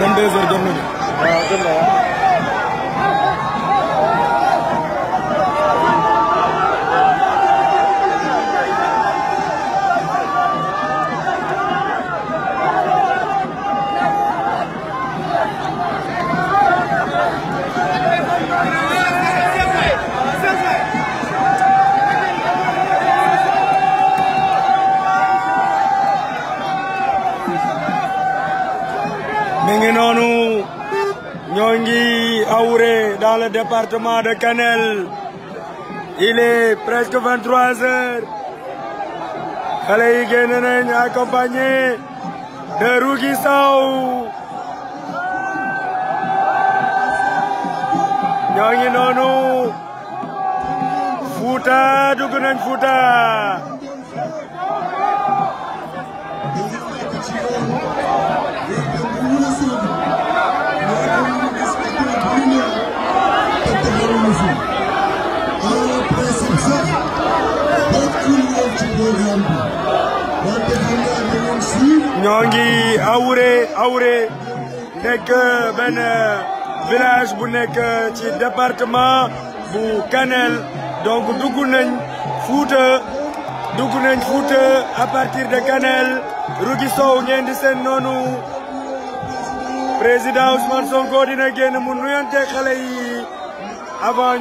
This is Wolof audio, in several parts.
Rendez-vous de ngi noonu ñoo ngi Aouré dans le département de Kanel il est presque 23 heures xale yi accompagné de Rougui Sow ñoo ngi noonu Fouta dugg ñoo ngi Aouré Aouré nekk benn village bu nekk ci département bu Kanel donc dugg nañ Fouta dugg nañ Fouta à partir de Kanel Rougui Sow ngeen di seen noonu président Ousmane Sonko dina génn mu nuyonte xale yi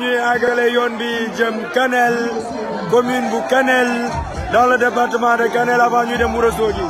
ñuy àggale yoon bi jëm Kanel commune bu Kanel dans le département de Kanel avant ñu dem Ourossogui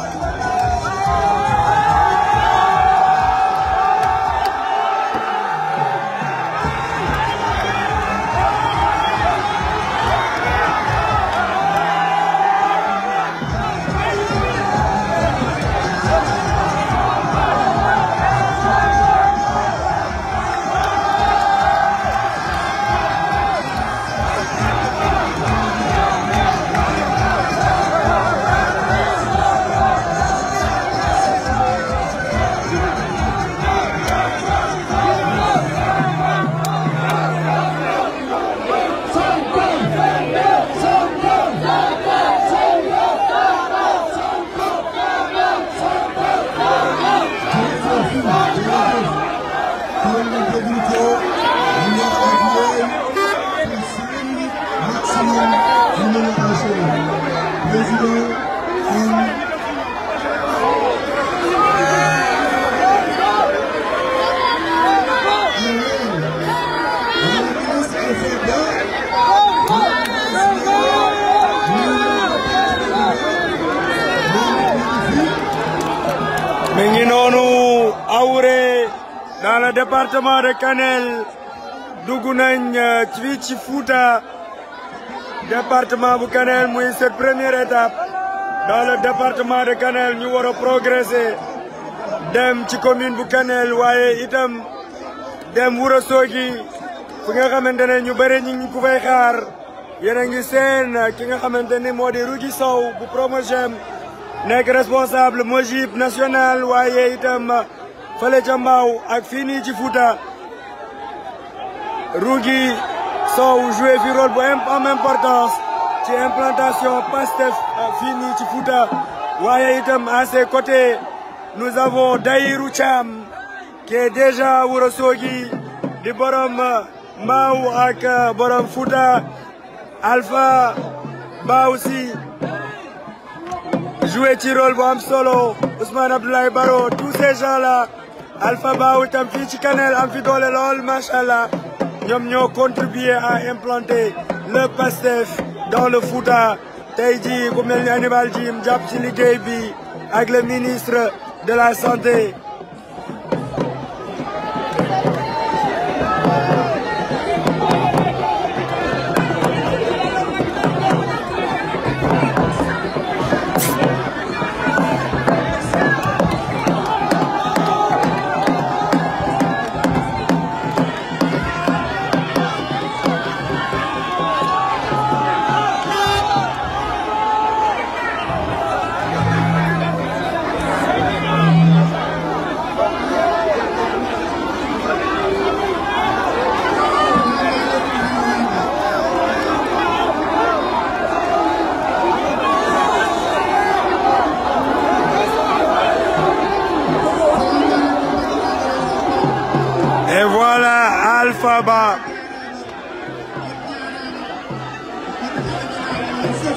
dans le département de Canel, Twitch euh, département de Canel, c'est cette première étape dans le département de Kanel nous avons progresser dem ci commune bu itam dem Sogi fi nga ñu fay xaar ngi euh, ki nga responsable Mojib national Fale Jambao ak fini de ci futa Rougi joué fi rôle bu am importance ci implantation Pastef Fini de ci Fouta waye itam à ses côtés nous avons Dahirou Cham qui est déjà rosogi di borom Mbao ak borom Fouta Alpha Ba aussi joué ci rôle solo Ousmane Abdoulaye Baro tous ces gens là Alpha Baou, est un ci canal, am fi doole lool macha allah à implanter le PASTEF dans le Fouta Taïdi, jii ku Jim ni Hannibal avec le ministre de la santé It's